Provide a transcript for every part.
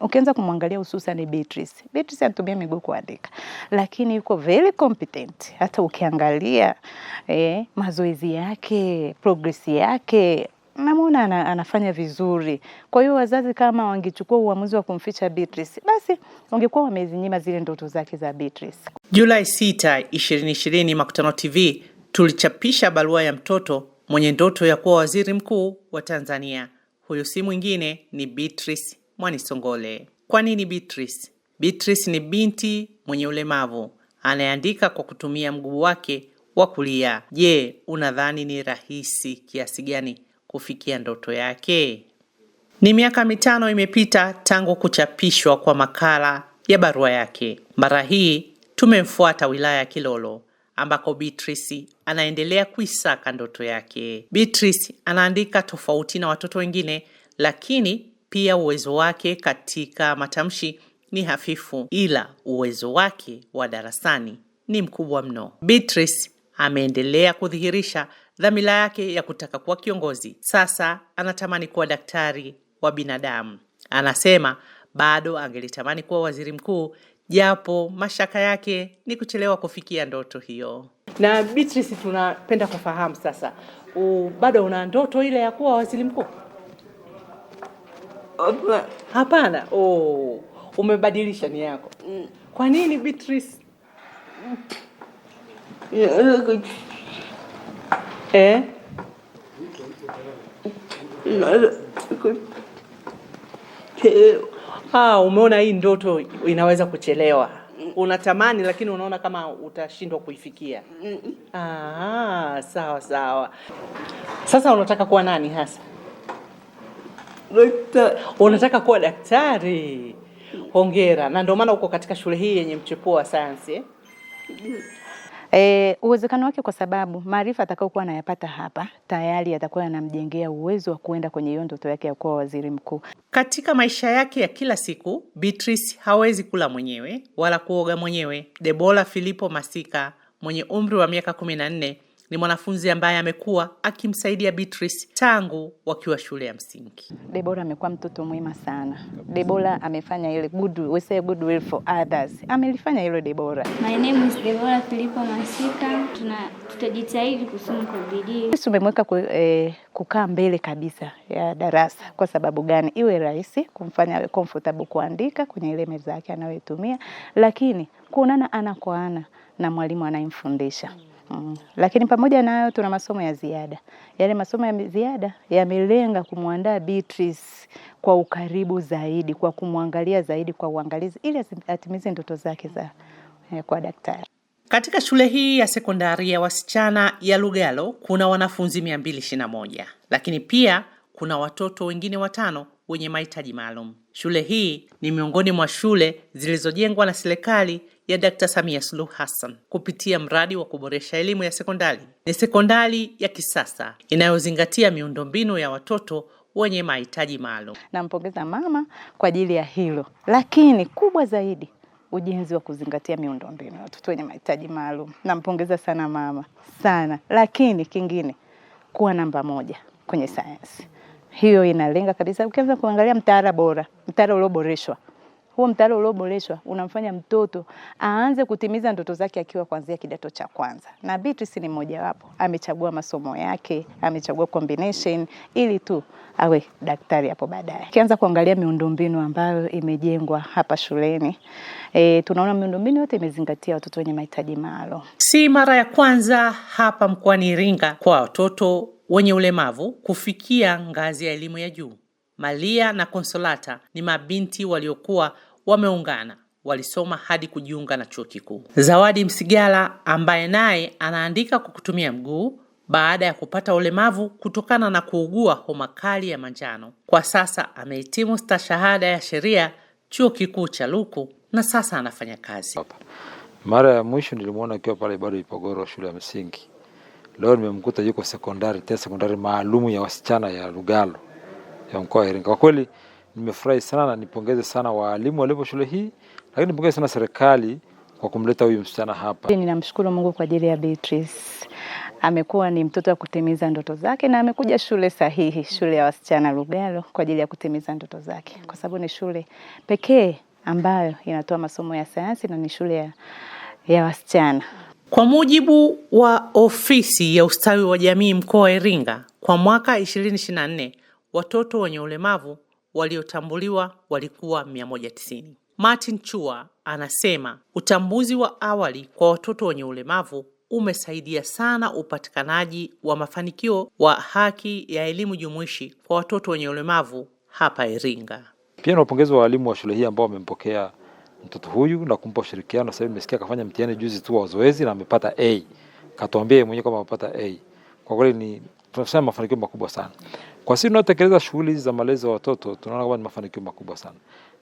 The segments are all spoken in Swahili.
Ukianza kumwangalia hususan Beatrice. Beatrice anatumia miguu kuandika, lakini yuko very competent. Hata ukiangalia eh, mazoezi yake, progress yake namwona ana, anafanya vizuri. Kwa hiyo wazazi kama wangechukua uamuzi wa kumficha Beatrice, basi wangekuwa wamezinyima zile ndoto zake za Beatrice. Julai 6, 2020, Makutano TV tulichapisha barua ya mtoto mwenye ndoto ya kuwa waziri mkuu wa Tanzania. Huyu si mwingine ni Beatrice Mwanisongole. Kwa nini Beatrice? Beatrice ni binti mwenye ulemavu anayeandika kwa kutumia mguu wake wa kulia. Je, unadhani ni rahisi kiasi gani kufikia ndoto yake? Ni miaka mitano imepita tangu kuchapishwa kwa makala ya barua yake. Mara hii tumemfuata wilaya ya Kilolo ambako Beatrice anaendelea kuisaka ndoto yake. Beatrice anaandika tofauti na watoto wengine, lakini pia uwezo wake katika matamshi ni hafifu, ila uwezo wake wa darasani ni mkubwa mno. Beatrice ameendelea kudhihirisha dhamira yake ya kutaka kuwa kiongozi. Sasa anatamani kuwa daktari wa binadamu. Anasema bado angelitamani kuwa waziri mkuu, japo mashaka yake ni kuchelewa kufikia ndoto hiyo. Na Beatrice, tunapenda kufahamu sasa, bado una ndoto ile ya kuwa waziri mkuu? Hapana. Oh, umebadilisha nia yako. Mm. Kwa nini Beatrice? Mm. Eh? Ah, umeona hii ndoto inaweza kuchelewa. Mm. Unatamani lakini unaona kama utashindwa kuifikia. Ah, sawa sawa. Sasa unataka kuwa nani hasa? Unataka kuwa daktari? Hongera. Na ndio maana uko katika shule hii yenye mchepuo wa sayansi. eh, eh uwezekano wake kwa sababu maarifa atakayokuwa anayapata hapa tayari atakuwa anamjengea uwezo wa kuenda kwenye hiyo ndoto yake ya kuwa waziri mkuu. Katika maisha yake ya kila siku, Beatrice hawezi kula mwenyewe wala kuoga mwenyewe. Debola Filipo Masika mwenye umri wa miaka kumi na nne ni mwanafunzi ambaye amekuwa akimsaidia Beatrice tangu wakiwa shule ya msingi. Debora amekuwa mtoto mwema sana. Debora amefanya ile good, we say good will for others. Amelifanya hilo Debora. My name is Debora Filipo Masika. Tuna tutajitahidi kusoma kwa bidii. Sisi umemweka eh, kukaa mbele kabisa ya darasa. Kwa sababu gani? Iwe rahisi kumfanya awe comfortable kuandika kwenye ile meza yake anayoitumia, lakini kuonana ana kwa ana na mwalimu anayemfundisha. Mm. Lakini pamoja na hayo tuna masomo ya ziada. Yale masomo ya ziada yamelenga kumwandaa Beatrice kwa ukaribu zaidi, kwa kumwangalia zaidi kwa uangalizi ili atimize ndoto zake za eh, kwa daktari. Katika shule hii ya sekondari ya wasichana ya Lugalo kuna wanafunzi 221 lakini pia kuna watoto wengine watano wenye mahitaji maalum. Shule hii ni miongoni mwa shule zilizojengwa na serikali ya Dr. Samia Suluhu Hassan kupitia mradi wa kuboresha elimu ya sekondari. Ni sekondari ya kisasa inayozingatia miundombinu ya watoto wenye mahitaji maalum. Nampongeza mama kwa ajili ya hilo, lakini kubwa zaidi ujenzi wa kuzingatia miundombinu ya watoto wenye mahitaji maalum. Nampongeza sana mama sana, lakini kingine kuwa namba moja kwenye sayansi hiyo inalenga kabisa. Ukianza kuangalia mtaala bora, mtaala ulioboreshwa, huo mtaala ulioboreshwa unamfanya mtoto aanze kutimiza ndoto zake akiwa kuanzia kidato cha kwanza, na Beatrice ni mmojawapo, amechagua masomo yake, amechagua combination ili tu awe daktari hapo baadaye. Ukianza kuangalia miundombinu ambayo imejengwa hapa shuleni e, tunaona miundombinu yote imezingatia watoto wenye mahitaji maalum. Si mara ya kwanza hapa mkoani Iringa kwa watoto wenye ulemavu kufikia ngazi ya elimu ya juu. Malia na konsolata ni mabinti waliokuwa wameungana, walisoma hadi kujiunga na chuo kikuu. Zawadi Msigala ambaye naye anaandika kwa kutumia mguu baada ya kupata ulemavu kutokana na kuugua homa kali ya manjano, kwa sasa amehitimu stashahada ya sheria chuo kikuu cha Luku na sasa anafanya kazi. Mara ya mwisho nilimwona akiwa pale bado Ipogoro, shule ya msingi. Leo nimemkuta yuko sekondari tena sekondari maalumu ya wasichana ya Lugalo ya mkoa wa Iringa. Kwa kweli nimefurahi sana na nipongeze sana waalimu waliopo shule hii, lakini nipongeze sana serikali kwa kumleta huyu msichana hapa. Ninamshukuru Mungu kwa ajili ya Beatrice. Amekuwa ni mtoto wa kutimiza ndoto zake na amekuja shule sahihi, shule ya wasichana Lugalo kwa ajili ya kutimiza ndoto zake, kwa sababu ni shule pekee ambayo inatoa masomo ya sayansi na ni shule ya, ya wasichana. Kwa mujibu wa ofisi ya ustawi wa jamii mkoa wa Iringa, kwa mwaka 2024 watoto wenye ulemavu waliotambuliwa walikuwa 190. Martin Chua anasema utambuzi wa awali kwa watoto wenye ulemavu umesaidia sana upatikanaji wa mafanikio wa haki ya elimu jumuishi kwa watoto wenye ulemavu hapa Iringa. Pia na wapongezi wa walimu wa shule hii ambao wamempokea mtoto huyu na kumpa ushirikiano. Sasa nimesikia akafanya mtihani juzi tu wa zoezi na amepata A, Katuambie mwenyewe kama amepata A. Kwa kweli ni tunasema mafanikio makubwa sana kwa sisi tunaotekeleza shughuli za malezi ya watoto, tunaona kwamba ni mafanikio makubwa sana.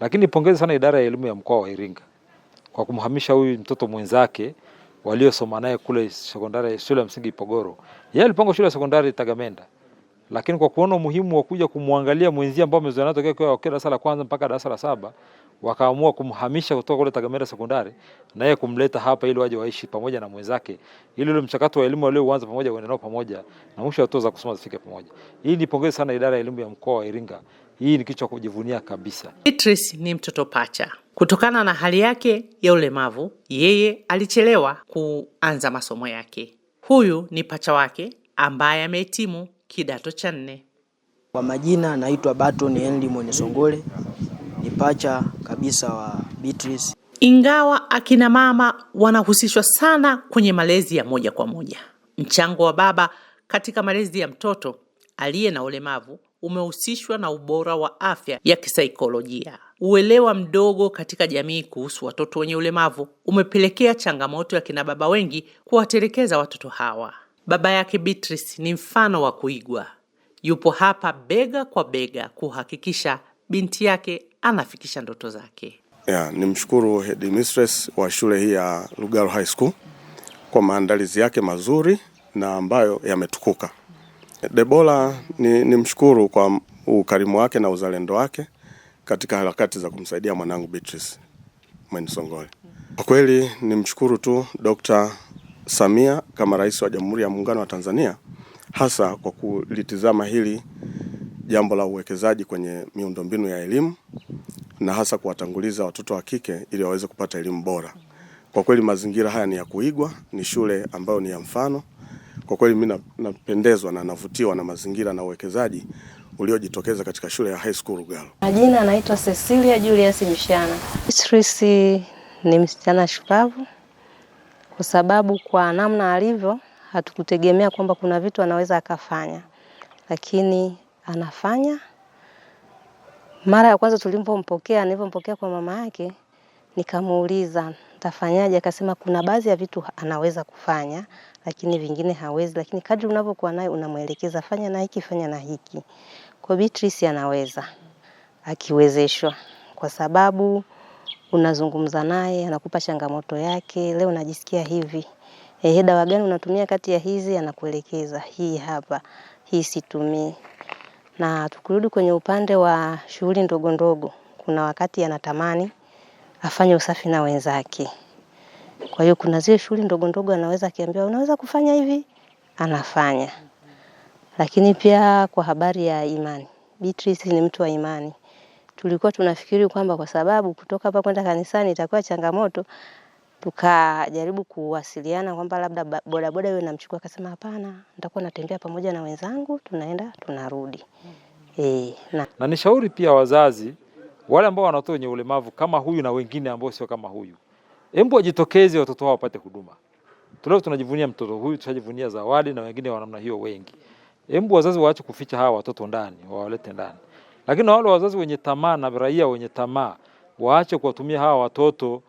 Lakini pongeze sana idara ya elimu ya mkoa wa Iringa kwa kumhamisha huyu mtoto mwenzake waliosoma naye kule sekondari, shule ya msingi Ipogoro. Yeye alipanga shule ya sekondari Tagamenda, lakini kwa kuona umuhimu wa kuja kumwangalia mwenzie ambao amezoea natokea kwa darasa la kwanza mpaka darasa la saba wakaamua kumhamisha kutoka kule Tagamera Sekondari na yeye kumleta hapa ili waje waishi pamoja na mwenzake, ili ule mchakato wa elimu walioanza pamoja uende nao pamoja na mwisho hatua za kusoma zifike pamoja. Hii ni pongezi sana idara ya elimu ya mkoa wa Iringa. Hii ni kichwa kujivunia kabisa. Beatrice ni mtoto pacha. Kutokana na hali yake ya ulemavu, yeye alichelewa kuanza masomo yake. Huyu ni pacha wake ambaye amehitimu kidato cha nne. Kwa majina naitwa Baton Henry Mwenesongole, ni pacha kabisa wa Beatrice. Ingawa akina mama wanahusishwa sana kwenye malezi ya moja kwa moja, mchango wa baba katika malezi ya mtoto aliye na ulemavu umehusishwa na ubora wa afya ya kisaikolojia. Uelewa mdogo katika jamii kuhusu watoto wenye ulemavu umepelekea changamoto ya kina baba wengi kuwatelekeza watoto hawa. Baba yake Beatrice ni mfano wa kuigwa, yupo hapa bega kwa bega kuhakikisha binti yake anafikisha ndoto zake. Yeah, ni mshukuru headmistress wa shule hii ya Lugalo High School kwa maandalizi yake mazuri na ambayo yametukuka. Debora ni, ni mshukuru kwa ukarimu wake na uzalendo wake katika harakati za kumsaidia mwanangu Beatrice Mwenisongole. Kwa kweli ni mshukuru tu Dr. Samia kama rais wa Jamhuri ya Muungano wa Tanzania hasa kwa kulitizama hili jambo la uwekezaji kwenye miundombinu ya elimu na hasa kuwatanguliza watoto wa kike ili waweze kupata elimu bora. Kwa kweli mazingira haya ni ya kuigwa, ni shule ambayo ni ya mfano. Kwa kweli mimi napendezwa na navutiwa na mazingira na uwekezaji uliojitokeza katika shule ya High School Lugalo. Majina anaitwa Cecilia Julius Mshana. Beatrice ni msichana shupavu kwa sababu kwa namna alivyo hatukutegemea kwamba kuna vitu anaweza akafanya, lakini anafanya mara ya kwanza tulimpompokea, nilipompokea kwa mama yake, nikamuuliza tafanyaje, akasema kuna baadhi ya vitu anaweza kufanya lakini vingine hawezi, lakini kadri unavyokuwa naye unamwelekeza fanya na hiki, fanya na hiki. Kwa Beatrice anaweza akiwezeshwa, kwa sababu unazungumza naye, anakupa changamoto yake, leo najisikia hivi, ehe, dawa gani unatumia kati ya hizi? Anakuelekeza hii hapa, hii situmii. Na tukirudi kwenye upande wa shughuli ndogo ndogo, kuna wakati anatamani afanye usafi na wenzake. Kwa hiyo kuna zile shughuli ndogo ndogo anaweza akiambiwa unaweza kufanya hivi, anafanya. Lakini pia kwa habari ya imani, Beatrice ni mtu wa imani. Tulikuwa tunafikiri kwamba kwa sababu kutoka hapa kwenda kanisani itakuwa changamoto, tukajaribu kuwasiliana kwamba labda bodaboda yule namchukua, akasema hapana, nitakuwa natembea pamoja na wenzangu, tunaenda tunarudi. E, na, na nishauri pia wazazi wale ambao wanatoa wenye ulemavu kama huyu na wengine ambao sio kama huyu, hebu wajitokeze watoto wao wapate huduma. Tuleo tunajivunia mtoto huyu, tushajivunia Zawadi na wengine wa namna hiyo wengi. Hebu wazazi waache kuficha hawa watoto ndani, wawalete ndani. Lakini wale wazazi wenye tamaa na raia wenye tamaa waache kuwatumia hawa watoto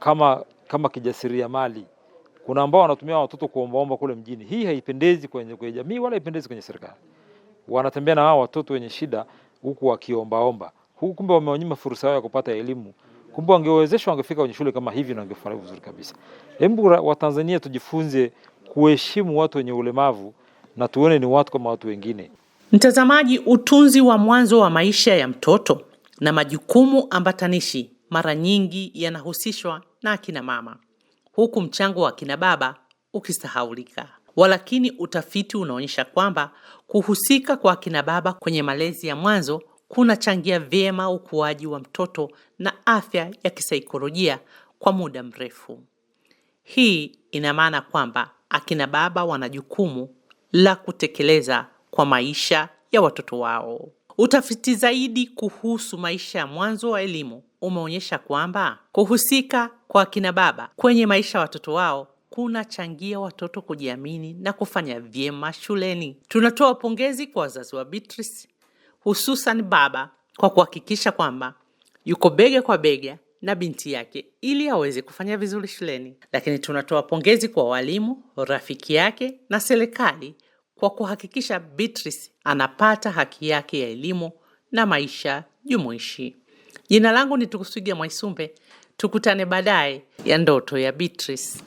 kama kama kijasiriamali. Kuna ambao wanatumia watoto kuombaomba kule mjini. Hii haipendezi kwenye, kwenye jamii wala haipendezi kwenye serikali. Wanatembea na hao watoto wenye shida huku wakiombaomba, huku kumbe wamewanyima fursa yao ya kupata elimu. Kumbe wangewezeshwa, wangefika kwenye shule kama hivi na wangefurahi vizuri kabisa. Hebu Watanzania tujifunze kuheshimu watu wenye ulemavu na tuone ni watu kama watu wengine. Mtazamaji, utunzi wa mwanzo wa maisha ya mtoto na majukumu ambatanishi mara nyingi yanahusishwa na akina mama, huku mchango wa akina baba ukisahaulika. Walakini, utafiti unaonyesha kwamba kuhusika kwa akina baba kwenye malezi ya mwanzo kunachangia vyema ukuaji wa mtoto na afya ya kisaikolojia kwa muda mrefu. Hii ina maana kwamba akina baba wana jukumu la kutekeleza kwa maisha ya watoto wao. Utafiti zaidi kuhusu maisha ya mwanzo wa elimu umeonyesha kwamba kuhusika kwa akina baba kwenye maisha ya watoto wao kunachangia watoto kujiamini na kufanya vyema shuleni. Tunatoa pongezi kwa wazazi wa Beatrice, hususan baba kwa kuhakikisha kwamba yuko bega kwa bega na binti yake ili aweze kufanya vizuri shuleni. Lakini tunatoa pongezi kwa walimu, rafiki yake na serikali kwa kuhakikisha Beatrice anapata haki yake ya elimu na maisha jumuishi. Jina langu ni Tukuswiga Mwaisumbe. Tukutane baadaye ya ndoto ya Beatrice.